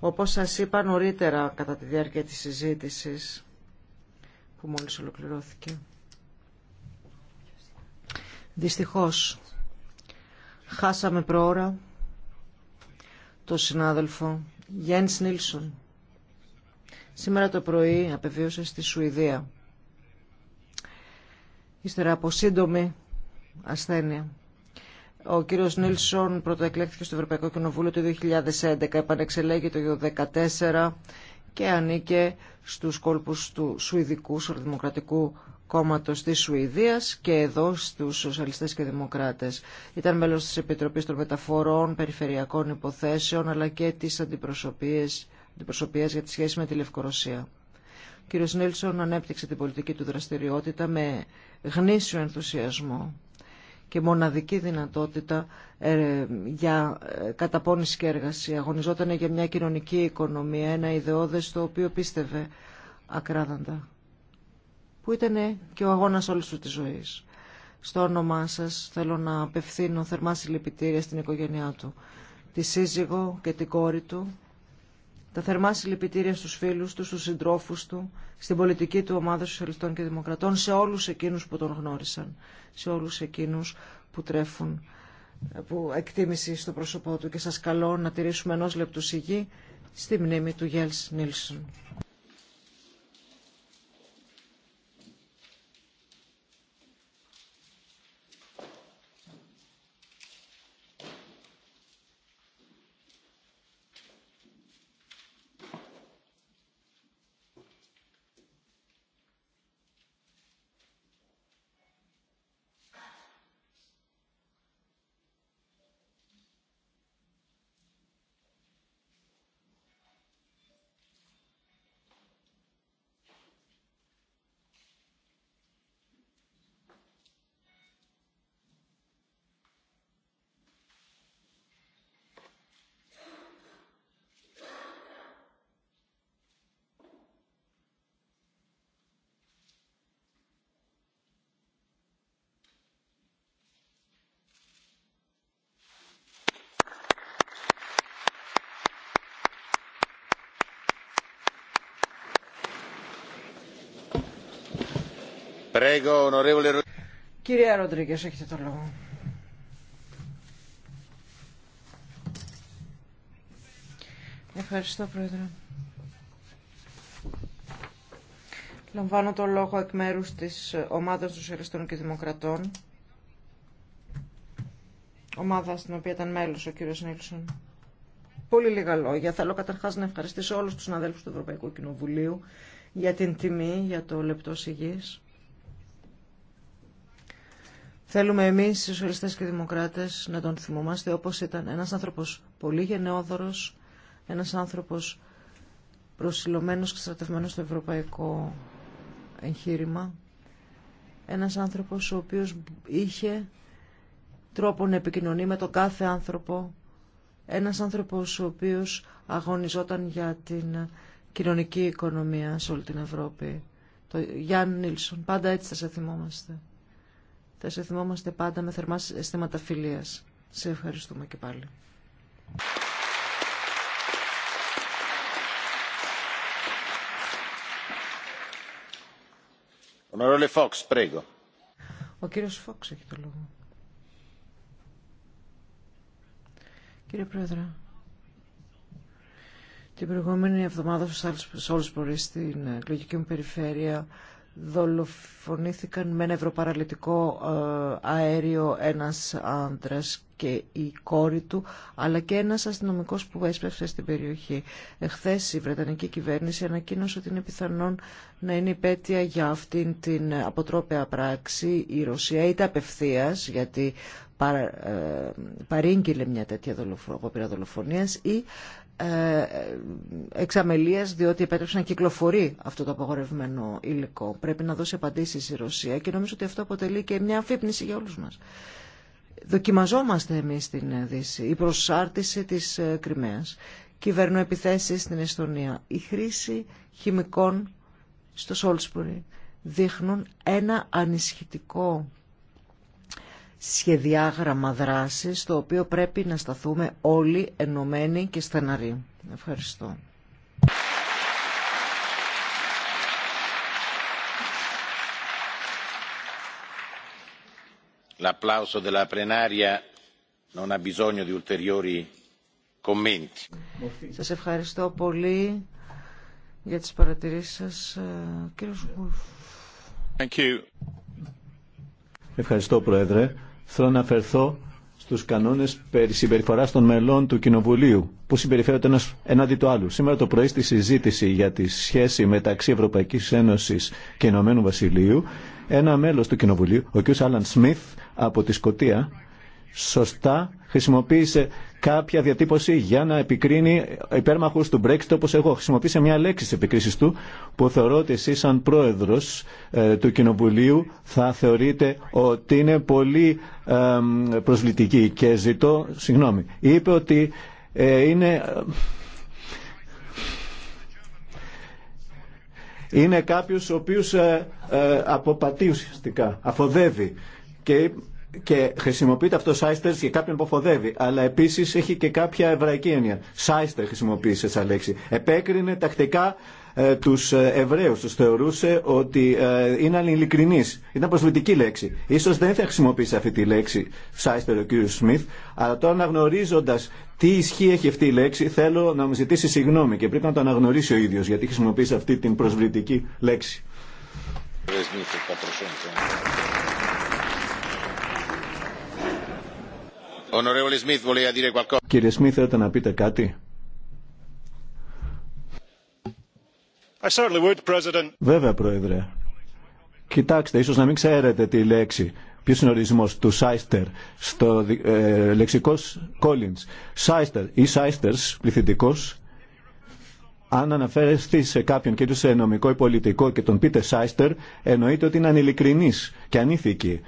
Όπως σας είπα νωρίτερα κατά τη διάρκεια της συζήτησης που μόλις ολοκληρώθηκε. Δυστυχώς χάσαμε προώρα το συνάδελφο Γιάννης Νίλσον. Σήμερα το πρωί απεβίωσε στη Σουηδία. Ύστερα από σύντομη ασθένεια. Ο κύριο Νίλσον πρωτοεκλέχθηκε στο Ευρωπαϊκό Κοινοβούλιο το 2011, επανεξελέγει το 2014 και ανήκε στους κόλπους του Σουηδικού Σορδημοκρατικού κόμματος τη Σουηδίας και εδώ στου σοσιαλιστές και δημοκράτες. Ήταν μέλος της επιτροπή των Μεταφορών, Περιφερειακών Υποθέσεων αλλά και της αντιπροσωπείας, για τη σχέση με τη Λευκορωσία. Ο κύριο Νίλσον ανέπτυξε την πολιτική του δραστηριότητα με γνήσιο ενθουσιασμό και μοναδική δυνατότητα ε, για ε, καταπώνηση και έργαση. Αγωνιζόταν για μια κοινωνική οικονομία, ένα ιδεώδες το οποίο πίστευε ακράδαντα. Που ήταν και ο αγώνας όλης του της ζωής. Στο όνομά σας θέλω να απευθύνω θερμά συλληπιτήρια στην οικογένειά του, τη σύζυγο και την κόρη του, τα θερμά συλληπιτήρια στους φίλους του, στους συντρόφους του, στην πολιτική του ομάδα Σοσιαλιστών και Δημοκρατών, σε όλους εκείνους που τον γνώρισαν, σε όλους εκείνους που τρέφουν που εκτίμηση στο πρόσωπό του και σας καλώ να τηρήσουμε ενός λεπτού σιγή στη μνήμη του Γέλς Νίλσον. Κυρία Ροντρίγκε, έχετε το λόγο. Ευχαριστώ, Πρόεδρε. Λαμβάνω το λόγο εκ μέρου τη ομάδα των Σοσιαλιστών και Δημοκρατών. Ομάδα στην οποία ήταν μέλο ο κύριο Νίλσον. Πολύ λίγα λόγια. Θέλω καταρχά να ευχαριστήσω όλου του συναδέλφου του Ευρωπαϊκού Κοινοβουλίου για την τιμή, για το λεπτό συγγύη. Θέλουμε εμείς, οι σοσιαλιστές και οι δημοκράτες, να τον θυμόμαστε όπως ήταν ένας άνθρωπος πολύ γενναιόδωρος, ένας άνθρωπος προσιλωμένος και στρατευμένος στο ευρωπαϊκό εγχείρημα, ένας άνθρωπος ο οποίος είχε τρόπο να επικοινωνεί με τον κάθε άνθρωπο, ένας άνθρωπος ο οποίος αγωνιζόταν για την κοινωνική οικονομία σε όλη την Ευρώπη. Το Γιάννη Νίλσον, πάντα έτσι θα σε θυμόμαστε θα σε θυμόμαστε πάντα με θερμά αισθήματα φιλίας. Σε ευχαριστούμε και πάλι. Ο κύριος Φόξ έχει το λόγο. Κύριε Πρόεδρε, την προηγούμενη εβδομάδα σε όλους στην εκλογική μου περιφέρεια δολοφονήθηκαν με ένα ευρωπαραλυτικό ε, αέριο ένας άντρας και η κόρη του, αλλά και ένας αστυνομικός που έσπευσε στην περιοχή. Εχθές η Βρετανική κυβέρνηση ανακοίνωσε ότι είναι πιθανόν να είναι υπέτεια για αυτήν την αποτρόπαια πράξη η Ρωσία, είτε απευθεία γιατί ε, παρήγγειλε μια τέτοια δολοφο... απόπειρα δολοφονίας ή ε, εξαμελίας διότι επέτρεψε να κυκλοφορεί αυτό το απαγορευμένο υλικό. Πρέπει να δώσει απαντήσεις η Ρωσία και νομίζω ότι αυτό αποτελεί και μια αφύπνιση για όλους μας. Δοκιμαζόμαστε εμείς στην Δύση, η προσάρτηση της ε, Κρυμαίας, κυβερνοεπιθέσεις στην Εστονία, η χρήση χημικών στο Σόλσπουρι δείχνουν ένα ανισχυτικό σχεδιάγραμμα δράσης το οποίο πρέπει να σταθούμε όλοι ενωμένοι και στεναροί. Ευχαριστώ. L'applauso della plenaria non ha bisogno di ulteriori commenti. Σας ευχαριστώ πολύ για τις παρατηρήσεις σας. Ε, κύριος Ευχαριστώ, Πρόεδρε θέλω να αφαιρθώ στους κανόνες περί συμπεριφοράς των μελών του Κοινοβουλίου, που συμπεριφέρονται ένας εναντί του άλλου. Σήμερα το πρωί στη συζήτηση για τη σχέση μεταξύ Ευρωπαϊκής Ένωσης και Ηνωμένου Βασιλείου, ένα μέλος του Κοινοβουλίου, ο κ. Άλαν Σμιθ από τη Σκοτία, σωστά χρησιμοποίησε κάποια διατύπωση για να επικρίνει υπέρμαχους του Brexit όπως εγώ. Χρησιμοποίησε μια λέξη τη επικρίση του που θεωρώ ότι εσεί σαν πρόεδρος ε, του Κοινοβουλίου θα θεωρείτε ότι είναι πολύ ε, προσβλητική και ζητώ συγγνώμη. Είπε ότι ε, είναι... Είναι κάποιος ο οποίος ε, αποπατεί ουσιαστικά, αφοδεύει και και χρησιμοποιείται αυτό Σάιστερ για κάποιον που φοδεύει. Αλλά επίση έχει και κάποια εβραϊκή έννοια. Σάιστερ χρησιμοποίησε σαν λέξη. Επέκρινε τακτικά ε, του ε, Εβραίου. Του θεωρούσε ότι είναι ανηλικρινεί. Ήταν προσβλητική λέξη. σω δεν θα χρησιμοποιήσει αυτή τη λέξη Σάιστερ ο κ. Σμιθ. Αλλά τώρα αναγνωρίζοντα τι ισχύ έχει αυτή η λέξη, θέλω να μου ζητήσει συγγνώμη και πρέπει να το αναγνωρίσει ο ίδιο γιατί χρησιμοποιεί αυτή την προσβλητική λέξη. Κύριε Σμίθ, θέλετε να πείτε κάτι. Βέβαια, Πρόεδρε. Κοιτάξτε, ίσως να μην ξέρετε τη λέξη. Ποιο είναι ο ορισμό του Σάιστερ στο ε, λεξικό Κόλλιν. Σάιστερ ή Σάιστερ, πληθυντικό, αν αναφέρεστε σε κάποιον και του σε νομικό ή πολιτικό και τον πείτε Σάιστερ, εννοείται ότι είναι ανηλικρινή και ανήθικη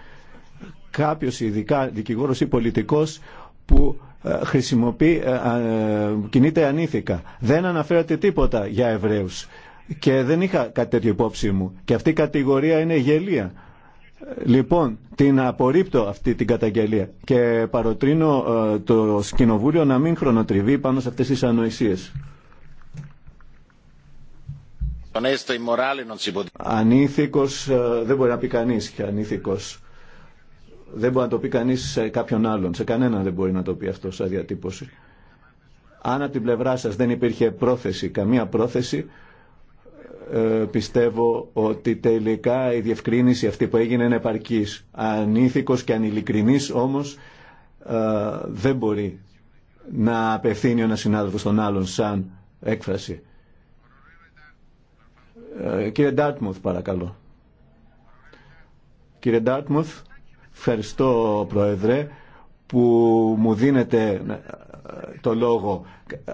κάποιος ειδικά δικηγόρος ή πολιτικός που ε, χρησιμοποιεί, ε, κινείται ανήθικα. Δεν αναφέρατε τίποτα για Εβραίους και δεν είχα κάτι τέτοιο υπόψη μου και αυτή η κατηγορία είναι γελία. Λοιπόν, την απορρίπτω αυτή την καταγγελία και παροτρύνω ε, το Σκηνοβούλιο να μην χρονοτριβεί πάνω σε αυτές τις ανοησίες. Ανήθικος δεν μπορεί να πει κανείς και ανήθικος. Δεν μπορεί να το πει κανεί σε κάποιον άλλον. Σε κανέναν δεν μπορεί να το πει αυτό σαν διατύπωση. Αν από την πλευρά σας δεν υπήρχε πρόθεση, καμία πρόθεση, ε, πιστεύω ότι τελικά η διευκρίνηση αυτή που έγινε είναι επαρκή, Ανήθικος και ανηλικρινής όμως ε, δεν μπορεί να απευθύνει ένα συνάδελφο στον άλλον σαν έκφραση. Ε, κύριε Ντάρτμουθ παρακαλώ. Κύριε Ντάρτμουθ. Ευχαριστώ, Πρόεδρε, που μου δίνετε ε, το λόγο.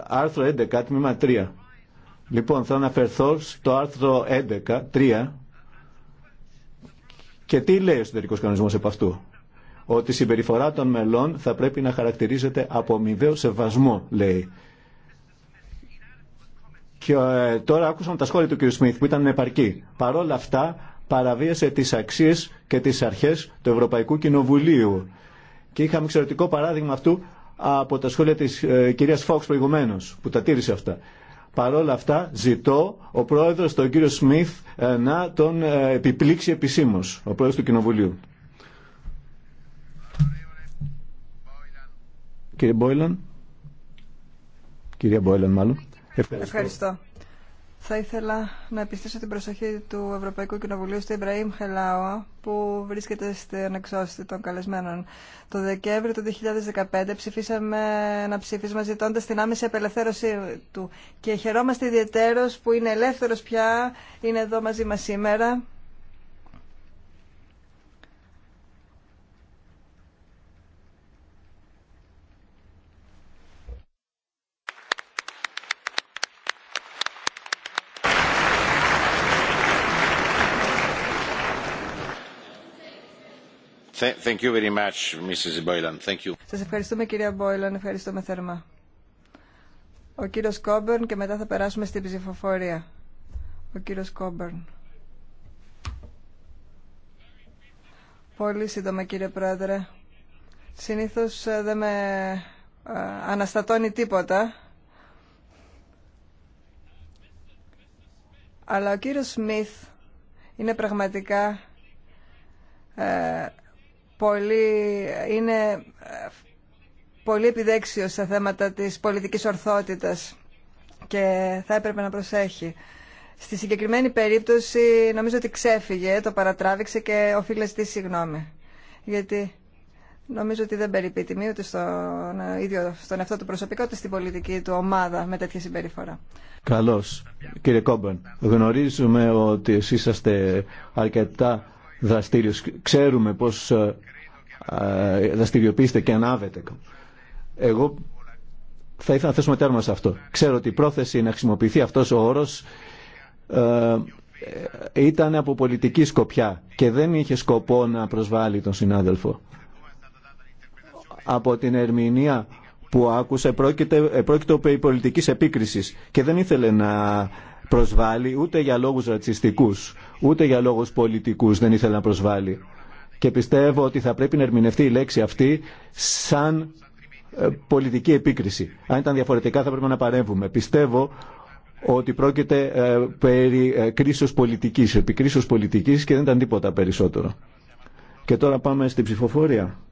Άρθρο 11, τμήμα 3. Λοιπόν, θα αναφερθώ στο άρθρο 11, 3. Και τι λέει ο εσωτερικό κανονισμό επ' αυτού. Ότι η συμπεριφορά των μελών θα πρέπει να χαρακτηρίζεται από αμοιβαίο σεβασμό, λέει. Και ε, τώρα άκουσαμε τα σχόλια του κ. Σμιθ που ήταν επαρκή. Παρόλα αυτά, παραβίασε τις αξίες και τις αρχές του Ευρωπαϊκού Κοινοβουλίου. Και είχαμε εξαιρετικό παράδειγμα αυτού από τα σχόλια της ε, κυρίας Φόξ προηγουμένως, που τα τήρησε αυτά. Παρ' όλα αυτά ζητώ ο πρόεδρος, τον κύριο Σμιθ, ε, να τον ε, επιπλήξει επισήμως, ο πρόεδρος του Κοινοβουλίου. Κύριε Μπόιλαν. Κυρία Μπόιλαν μάλλον. Ευχαριστώ. Θα ήθελα να επιστήσω την προσοχή του Ευρωπαϊκού Κοινοβουλίου στην Ιμπραήμ Χελάουα που βρίσκεται στην εξώστη των καλεσμένων. Το Δεκέμβριο του 2015 ψηφίσαμε ένα ψήφισμα ζητώντα την άμεση απελευθέρωσή του και χαιρόμαστε ιδιαίτερω που είναι ελεύθερος πια, είναι εδώ μαζί μας σήμερα Σας ευχαριστούμε κυρία Μπόιλαν, ευχαριστούμε θερμά. Ο κύριος Κόμπερν και μετά θα περάσουμε στην ψηφοφορία. Ο κύριος Κόμπερν. Πολύ σύντομα κύριε Πρόεδρε. Συνήθως ε, δεν με ε, αναστατώνει τίποτα. Αλλά ο κύριος Σμιθ είναι πραγματικά ε, πολύ, είναι ε, πολύ επιδέξιος στα θέματα της πολιτικής ορθότητας και θα έπρεπε να προσέχει. Στη συγκεκριμένη περίπτωση νομίζω ότι ξέφυγε, το παρατράβηξε και οφείλει στη συγγνώμη. Γιατί νομίζω ότι δεν περιπεί τιμή ούτε στον, ε, ίδιο, στον εαυτό του προσωπικό, ούτε στην πολιτική του ομάδα με τέτοια συμπεριφορά. Καλώς. Κύριε Κόμπεν, γνωρίζουμε ότι εσείς είσαστε αρκετά Ξέρουμε πώς ε, ε, δραστηριοποιείστε και ανάβετε. Εγώ θα ήθελα να θέσουμε τέρμα σε αυτό. Ξέρω ότι η πρόθεση να χρησιμοποιηθεί αυτός ο όρος ε, ήταν από πολιτική σκοπιά και δεν είχε σκοπό να προσβάλλει τον συνάδελφο. Από την ερμηνεία που άκουσε πρόκειται, πρόκειται περί πολιτικής επίκρισης και δεν ήθελε να προσβάλλει ούτε για λόγους ρατσιστικούς, ούτε για λόγους πολιτικούς δεν ήθελε να προσβάλλει. Και πιστεύω ότι θα πρέπει να ερμηνευτεί η λέξη αυτή σαν ε, πολιτική επίκριση. Αν ήταν διαφορετικά θα πρέπει να παρέμβουμε. Πιστεύω ότι πρόκειται ε, περί ε, κρίσεως πολιτικής, κρίσεως πολιτικής και δεν ήταν τίποτα περισσότερο. Και τώρα πάμε στην ψηφοφορία.